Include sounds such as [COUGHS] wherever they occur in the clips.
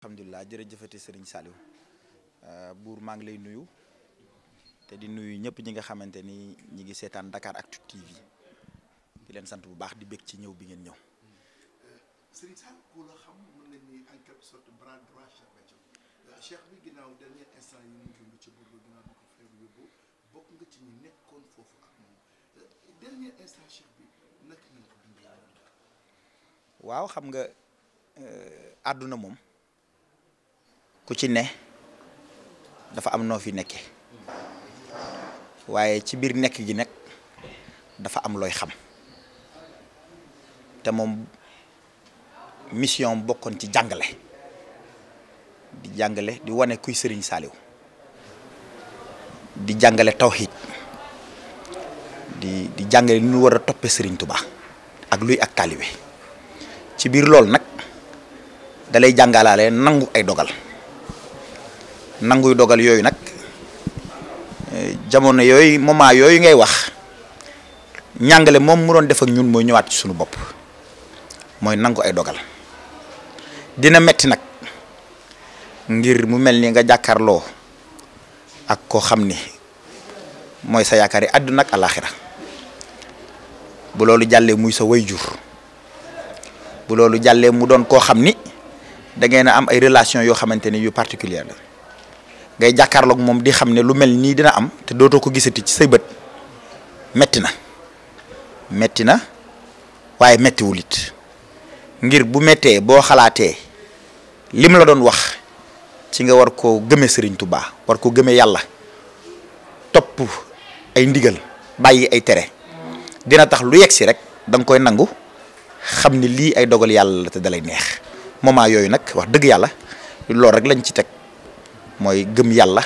Kamu jërëjëfati sëriñ Saliou eh, buur maa ngi lay nuyu te di nuyu ñëpp ñi nga xamante ni ñi ngi seetaan Dakaractu TV di leen sant bu baax di bég ci ñëw bi ngeen ñëw. Serigne Sall ku la xam mën nañ ni en quelque sorte bras droit Cheikh Béthio eh, Cheikh bi ginnaaw dernier instant yi ñu ngi ci buur bi nga ci ñi Wow, waaw xam nga aduna eh, mom ku ci ne dafa am no fi nekké waaye ci bir nekk gi nak dafa am loy xam té mom mission bokkon ci jangalé di jangalé di wane kuy Serigne saliw di jangalé tawhi di di jangale ni wara topé Serigne Touba ak luy ak talibé ci bir lol nak dalay jangalalé nangou ay dogal nangou dogal yoy nak eh, jamono yoy moma yoy ngay wax ñangalé mom mu doon def ak ñun moy ñëwaat ci suñu bop moy nangou ay dogal dina metti nak ngir mu melni nga jakarlo ak ko xamni ni sa yakari yi nak al-akhirah bu loolu jàllee muy sa wayjur bu loolu jàllee mu doon koo xam ni da ngeen am ay relation yoo xamante ne yu particulier la ngay jàkkaarloog moom di xam ne lu mel nii dina am te dootoo ko gisati ci say bët metti na metti na waaye mettiwul it ngir bu mettee boo xalaatee lim la doon wax ci nga war koo gëmee Serigne baax war ko gëme yàlla topp ay ndigal bàyyi ay tere dina tax lu yegsi rek dang koy nangu xamni ni ay dogal yalla la te dalay neex moment yoyu nak wax deug yalla lool rek lañ ci tek moy gëm yalla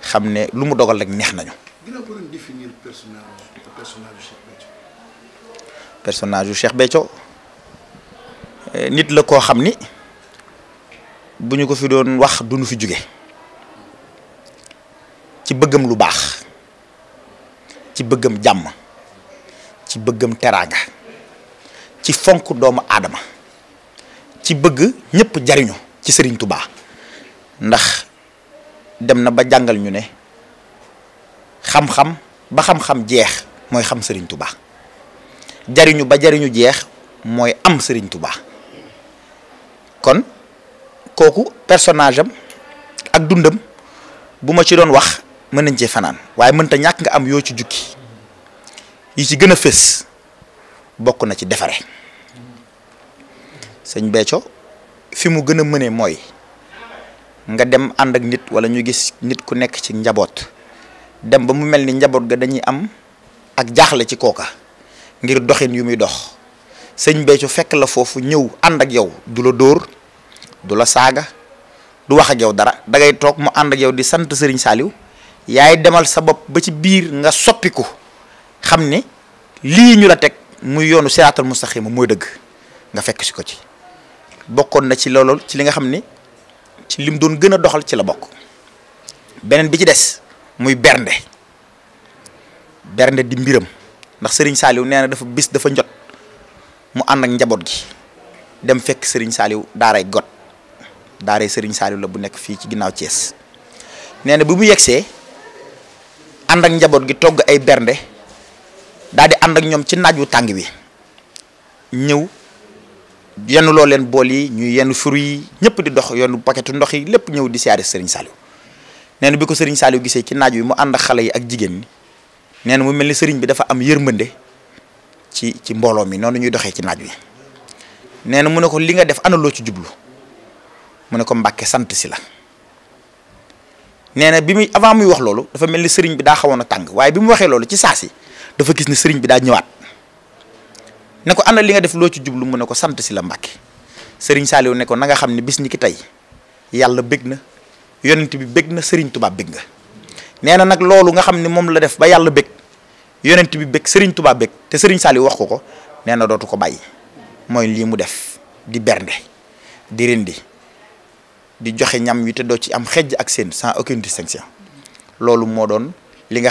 xamne ne lu mu dogal rek neex nañu. dina ko run définir personnage personnage Cheikh becho personnage Cheikh becho eh, nit la ko xamni ni ko fi doon wax duñu fi jóge ci bëggum lu bax ci bëggum jamm ci bëggam teraanga ci fonk doomu aadama ci bëgg ñëpp jariñu ci Serigne Touba ndax dem na ba jàngal ñu ne xam-xam ba xam-xam jeex mooy xam Serigne Touba jariñu ba jariñu jeex mooy am Serigne Touba kon kooku personnage am ak dundam bu ma ci doon wax mën nañ cee fanaan waaye mënta ñàkk nga am yoo ci jukki yi ci gën a fés na ci defare sëñ Béthio fi mu gën a mëne nga dem ak nit wala ñu gis nit ku nekk ci dem ba mu mel ni ga dañuy am ak jaaxle ci koka ngir doxin yu muy dox sëñ Béthio fekk la foofu ñëw ànd ak yow du la dóor du la saaga du wax ak yow dara da ngay toog mu ànd ak yow di sant Serigne Saliou yaay demal sa bopp ba ci biir nga soppiku xam ne ñu la tek muy yoonu siraatal mustaqima mooy dëgg nga fekk si ko ci bokkon na ci loolu ci li nga xam ci lim doon doxal ci la bi ci des muy bernde bernde di mbiram ndax Serigne Saliou nee na dafa bis dafa njot mu ànd ak njaboot gi dem fekk Serigne saliw daaray got daaray Serigne saliw la bu nekk fii ci ginnaaw Thiès na bu mu yegsee ànd ak njaboot gi togg ay bernde dal di ànd ak ñoom ci naaj tang wi ñew yenn lo leen bol yi ñu yenn fruit yi ñepp di dox yoonu paquetu ndox yi lepp ñew di siyaare Serigne salu, nenu biko bi Serigne salu gisee ci naaj mu and ak yi ak jigen ni nenu mu melni Serigne bi dafa am yermande ci ci mbolo mi nonu ñuy doxé ci naju wi nenu mu ne ko li nga def ana lo ci jublu mu ne ko Mbàkke sante ci la nena bi mi avant muy wax loolu dafa melni Serigne bi da xawona tang waye bi mu waxee loolu ci sasi dafa gis ni sëriñ bi da ñëwaat ne ko ana li nga def loo ci jublu mu ne ko sant si la Mbàkke sëriñ Saaliw ne ko na nga xam ne bis ñi ki na bi bég nga loolu nga la def ba yàlla bég yonent bi bég sëriñ Tuubaa bég te sëriñ Saaliw wax ko ko nee na dootu ko bàyyi mooy lii mu def di bernde di rendi di joxe ñam wi te ci am xejj ak seen sans aucune distinction loolu moo doon li nga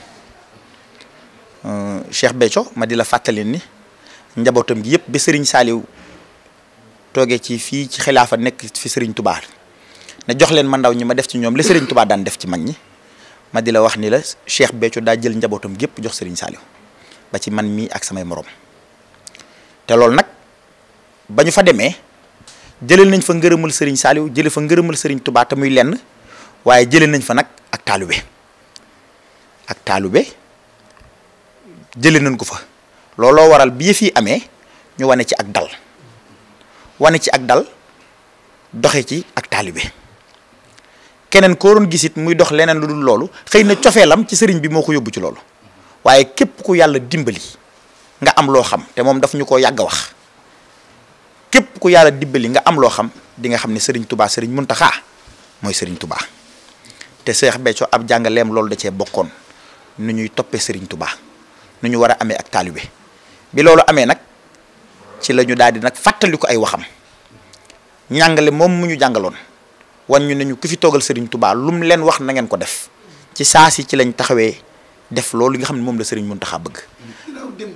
Cheikh becho ma di la fàttali ni njabotam gi yëpp be Serigne saliw toge ci fi ci khilafa nek fi Serigne Touba na jox len ma ndaw ñi ma def ci ñom le Serigne Touba daan def ci magni ma di la wax ni la Cheikh becho da jël njabotam gi yëpp jox Serigne saliw ba ci man mi ak samay morom te lol nak bañu fa démé jëlee nañ fa ngeureumul Serigne saliw jëlee fa ngeureumul Serigne Touba muy lenn waaye nañ fa nak ak taalube ak taalube jëlee nañ ko fa lolo waral bi fi amé ñu wané ci ak dal wané ci ak dal doxé ci ak talibé kenen ko doon gisit muy dox lenen luddul lolu xeyna ciofelam ci serigne bi moko yobbu ci lolu waaye kep ku yalla dimbali nga am lo xam te mom daf ñuko yag wax kep ku yalla dibbali nga am lo xam di nga xam ni serigne touba serigne muntaxaa moy serigne touba te cheikh becco ab jàngaleem lolu da ci bokkon nu ñuy serigne touba nu ñu war a ak talibé bi lolu amé nak ci lañu daldi nak di ko ay waxam ñangalé mom mu ñu jàngaloon wan ñu ne ku fi togal Serigne Touba lum leen wax na ngeen ko def ci saasi ci lañ taxawé def lolu nga xamni mom la Serigne muntaha bëgg. dem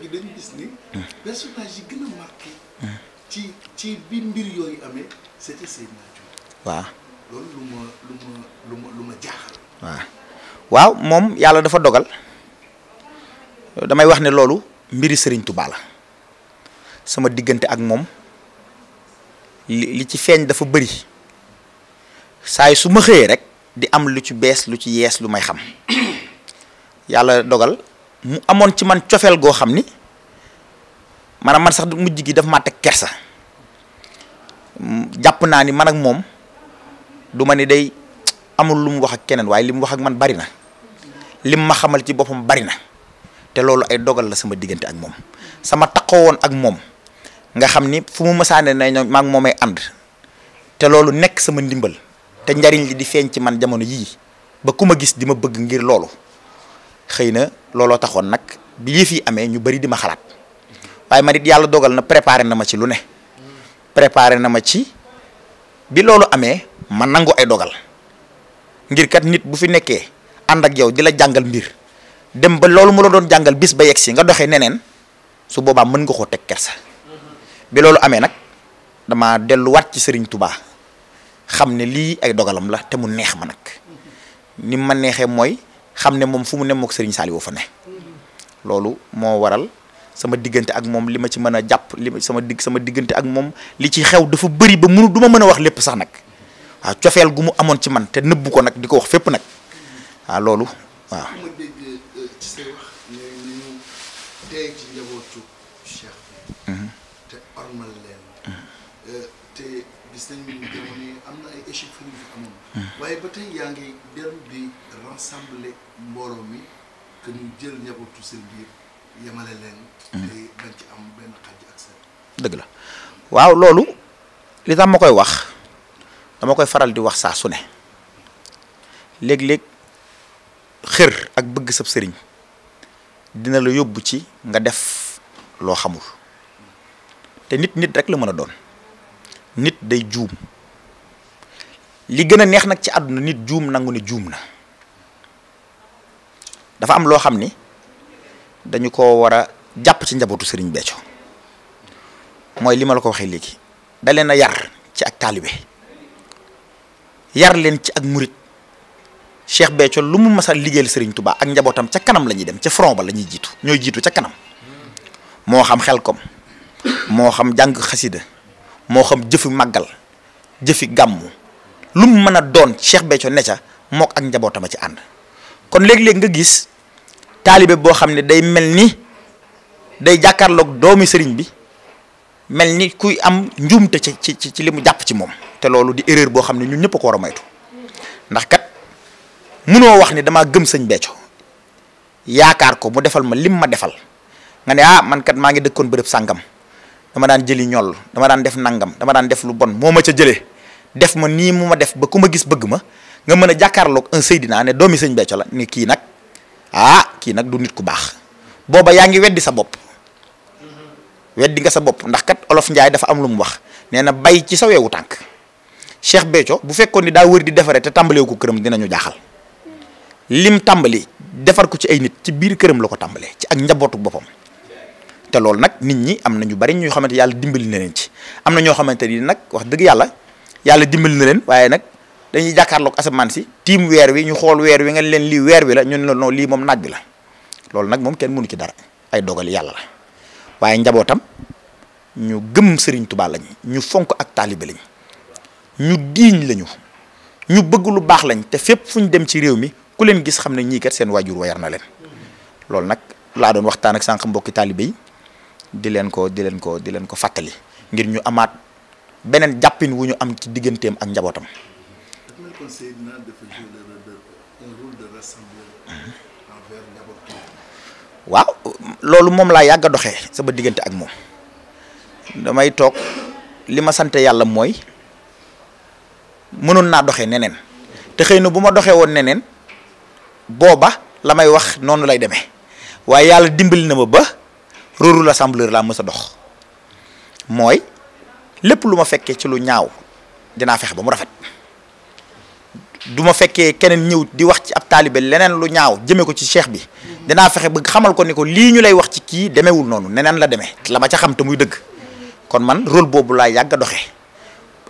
gi dafa dogal damay wax ne loolu mbiri Serigne Touba la sama digënté ak mom li ci feeñ dafa bëri say su ma rek di am lu ci bes lu ci yes lu may xam [COUGHS] yalla dogal mu amon ci man ciofel go xamni ni man sax mujj gi daf ma tek kersa japp na ni man ak mom duma ni day amul lu mu wax ak kenen waaye lim wax ak man bari na lim ma xamal ci bopam bari na te lolu ay dogal la sama digënté ak mom sama takko won ak mom nga xamni fu mu mësaane ne ñoom maa ngi moomay te sama ndimbal te ndariñ li di feeñ ci man jamono yi ba kuma gis dima bëgg ngir lolu xeyna lolu taxon nak bi yi fi amé ñu bari di xalat waye ma nit yalla dogal na préparé na ma ci lu ne préparé na ma ci bi lolu amé man nangu ay dogal ngir kat nit bu fi nekké and ak yow dila jangal mbir dem ba lolou mu la doon jangal bis ba yegg nga doxé nenen su boba mën nga ko tek kersa bi lolou amé nak dama wat ci serigne touba xamné li ay dogalam la té mu neex ma nak ni ma neexé moy xamné mom fu mu ne fa ne lolou mo waral sama digënté ak mom lima ci mëna japp lima sama dig sama digënté ak mom li ci xew dafa bëri ba mënu duma mëna wax lepp sax nak wa ciofel gumu amon ci man té neub ko nak diko wax fep nak wa lolou wa say wax mhm. mhm. euh, na ay échec mhm. waaye ba tey yaa ngi dellu bi rassembler mbooloo mi que ñu jël njabootu seen biir yemale leen te ci am benn xaj ak dëgg la waaw loolu li tax koy wax dama koy faral di wax saa su ne léeg-léeg xër ak bëgg sab sëriñ dina la yóbbu ci nga def loo xamul te nit nit rek la mën a doon nit day juum li gën a neex nag ci àdduna nit juum nangu ne juum na dafa am loo xam ni dañu ko war a jàpp ci njabootu Serigne Béthio mooy li ma la ko waxee léegi da leen a yar ci ak taalibe yar ci ak murit cheikh becco lu mu masal liguel serigne touba ak njabotam ca kanam lañuy dem ca front ba lañuy jitu ñoy jitu ca kanam mo xam xelkom mo xam jang xasida mo xam jëfi magal jëfi gamu lu mu mën doon cheikh becco ne mok ak njabotam ci and kon leg leg nga gis talibé bo day melni day jàkkaarloog doomi serigne bi melni kuy am njumte ci ci ci mu ci mom té lolu di erreur bo xam ñun ñëpp ko wara maytu ndax mënoo wax ni dama gëm señ Béthio yaakar ko mu defal ma lim ma defal nga ne ah man kat ma ngi dekkon bërëb sangam dama daan jëli ñol dama daan def nangam dama daan def lu bon moma ma ca def ma ni mu ma def ba kuma gis bëgg ma nga mëna a un Seydina ne doomi señ la ni ki nak ah ki nak du nit ku bax boba yaangi ngi weddi sa bop weddi nga sa bop ndax kat olof ndjay dafa am lu mu wax neena bay ci sa weewu Cheikh bu ni wër di defare te tambalé ko kërëm dinañu jaaxal lim tàmbali defar ko ci ay nit ci biir këram la ko tàmbale ci ak njabootu boppam te loolu nag nit ñi am na ñu bari ñoo xamante yàlla dimbali na leen ci am na ñoo xamante ni nag wax dëgg yàlla yàlla dimbali na leen waaye nag dañuy jàkkaarloog asamaan si tiim weer wi ñu xool weer wi nga leen lii weer wi la ñu ne la non lii moom naaj bi la loolu nag moom kenn mënu ci dara ay dogal yàlla la waaye njabootam ñu gëm sëriñ Touba lañ ñu fonk ak taalibe ñu diiñ lañu ñu bëgg lu baax lañ te fépp fu dem ci réew mi. ku len gis xamne ñi kat seen wajur wayar na len lool nak la doon waxtaan ak sank mbokk talibé yi di len ko di len ko di len ko fatali ngir ñu amaat benen jappin wu am ci digganteem ak Wow, waaw loolu mom la yàgg doxé sa ba tok, ak mom damay tok lima ma yalla moy mënon na doxé nenen té xeyna buma doxé won nenen booba la may wax noonu lay demee waaye yàlla dimbali na ma ba rôle rassembleur laa mës dox mooy lépp lu ma fekkee ci lu ñaaw dinaa fexe ba mu rafet du ma fekkee keneen ñëw di wax ci ab taalibe leneen lu ñaaw jëme ko ci cheikh bi dinaa fexe ba xamal ko ni ko lii ñu lay wax ci kii demewul noonu neneen la demee la ma ca xam te muy dëgg kon man rôle boobu laa yàgg doxe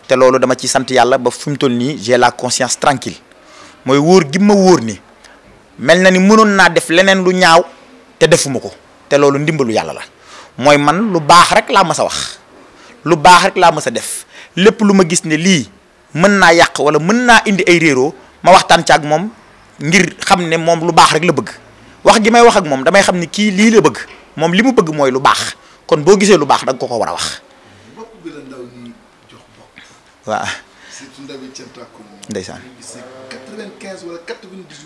te loolu dama ci sant yàlla ba fi mu toll nii j'ai la conscience tranquille mooy wóor gi ma melna ni mënon na def lenen lu ñaaw te defuma ko te lolu ndimbalu yalla la moy man lu bax rek la mësa wax lu bax rek la mësa def lepp lu gis ne li mën na yaq wala mën na indi ay rero ma waxtan ci ak mom ngir xamne mom lu bax rek la bëgg wax gi may wax ak mom damay xam ki li la bëgg mom limu bëgg moy lu bax kon bo gisé lu bax da ko ko wara wax. wa c'est une ndaw ci wala 98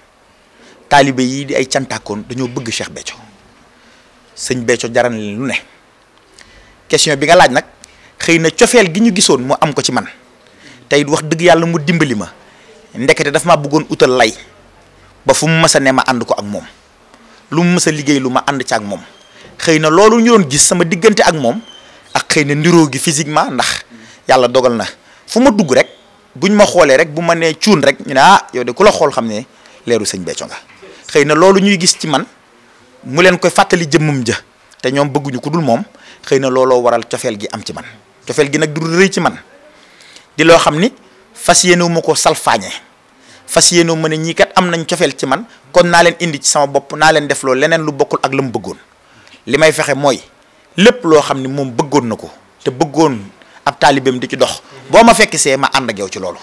taalibe yi di ay cantaakoon dañoo bëgg Cheikh Béthio sëñ Béthio dara leen lu ne question bi nga laaj nag xëy na cofeel gi ñu gisoon mu am ko ci man tey du wax dëgg yàlla mu dimbali ma ndekete dafa ma bëggoon utal lay ba fu mu mës a ne ma ànd ko ak moom lu mu mës a liggéey lu ma ànd ci ak moom xëy na loolu ñu doon gis sama diggante ak moom ak xëy na ndiroo gi physiquement ndax yàlla dogal na fu ma dugg rek buñ ma xoolee rek bu ma nee cuun rek ñu ne ah yow de la xool xam ne leeru sëñ xëy na loolu ñuy gis ci man mu leen koy fàttali jëmmam ja te ñoom bëgguñu ku dul moom xëy na looloo waral cofeel gi am ci man cofeel gi nag du rëy ci man di loo xam ni fas yéenewu ma ko salfaañee fas yéenewu ma ne ñii kat am nañ cofeel ci man kon naa leen indi ci sama bopp naa leen def loolu leneen lu bokkul ak la mu bëggoon li may fexe mooy lépp loo xam ni moom bëggoon na ko te bëggoon ab taalibeem di ci dox boo ma fekk see ma ànd ak yow ci loolu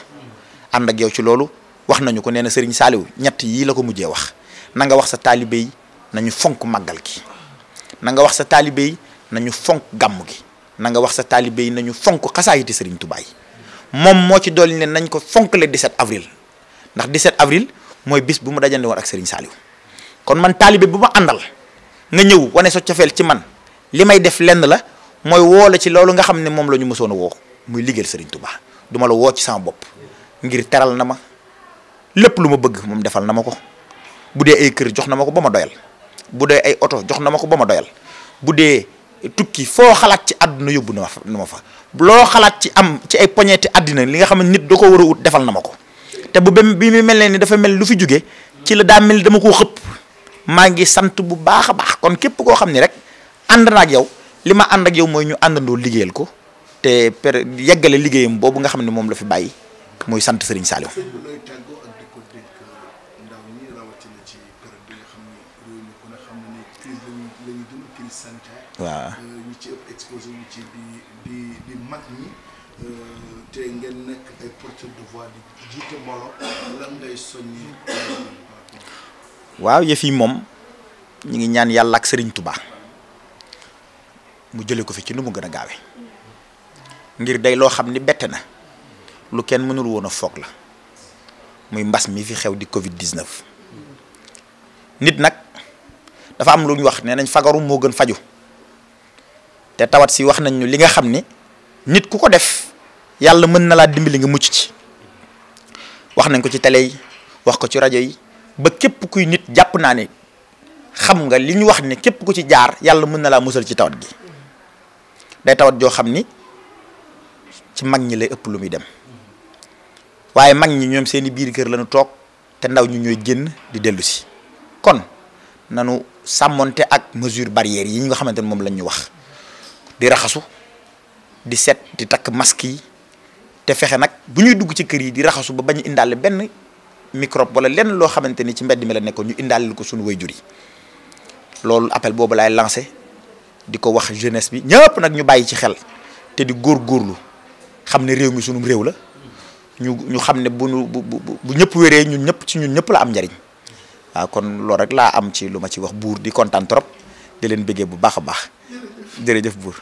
ànd ak yow ci loolu wax nañu ko nee na sëriñ ñett yii la ko mujjee wax na nga wax sa taalibe yi nañu fonk màggal gi na nga wax sa taalibe yi nañu fonk gàmm gi na nga wax sa taalibe yi nañu fonk xasaayiti sëriñ Tuubaa moom moo ci dolli ne nañ ko fonk le 17 avril ndax 17 avril mooy bis bu mu dajande woon ak sëriñ Saaliw kon man taalibe bu ma àndal nga ñëw wane sa cofeel ci man li may def lenn la mooy woo la ci loolu nga xam ne moom la ñu mësoon a woo muy liggéeyal sëriñ Tuubaa duma la woo ci sama bopp ngir teral na ma lépp lu ma bëgg moom defal na ma ko bu dee ay kër jox na ma ko ba ma doyal bu dee ay oto jox na ma ko ba ma doyal bu dee tukki foo xalaat ci àdduna yóbbu na ma fa na fa loo xalaat ci am ci ay poñeeti àddina li nga xam ne nit da ko war defal na ma ko te bu bem bi mu mel ne ni dafa mel lu fi jóge ci la daa mel dama koo xëpp maa ngi sant bu baax a baax kon képp koo xam ni rek ànd naa ak yow li ma ànd ak yow mooy ñu àndandoo liggéeyal ko te per yeggale liggéeyam boobu nga xam ne moom la fi bàyyi muy sant Serigne Saliou waaw ñu ci ëpp exposé wu ci di di di mag ñi euh, te ngeen nekk ay porteur de voix di jiite lan ngay soññi waaw yëf yi moom ngi ñaan yàlla ak mu jëlee ko fi ci nu mu gën a gaawe ngir day loo xam ni bette na lu kenn mënul woon a foog la muy mbas mi fi xew di Covid 19 nit nag dafa am lu ñu wax nañ fagaru moo gën faju te tawat si wax nyu li nga xamni nit ku ko def yalla mën na la dimbali nga mucc ci wax nañ ko ci télé yi wax ko ci radio yi ba képp kuy nit japp na ne xam nga liñ wax ne képp ku ci jaar yalla mën na la musal ci tawat gi day tawat jo xamni ni ci mag ñi lay ëpp lu muy dem waye mag ñi ñoom seeni biir kër lañu tok te ndaw ñu ñoy genn di delusi. ci kon nanu samonté ak mesure barrière yi nga xamante nyu moom wax di raxasu di set di tak maski yi te fexé nak buñuy dugg ci kër yi di raxasu ba bañ indal ben microbe wala len lo xamanteni ci mbedd mi la nekkon ñu indal ko suñu wayjuri lool appel bobu lay lancer di ko wax jeunesse bi ñepp nak ñu bayyi ci xel te di gor gorlu xamne rew mi suñu rew la ñu ñu xamne bu bu bu ñëpp ñun ñepp ci ñun ñepp la am njariñ wa kon lool rek la am ci luma ci wax bour di trop di len bëggé bu baaxa baax jërëjëf buur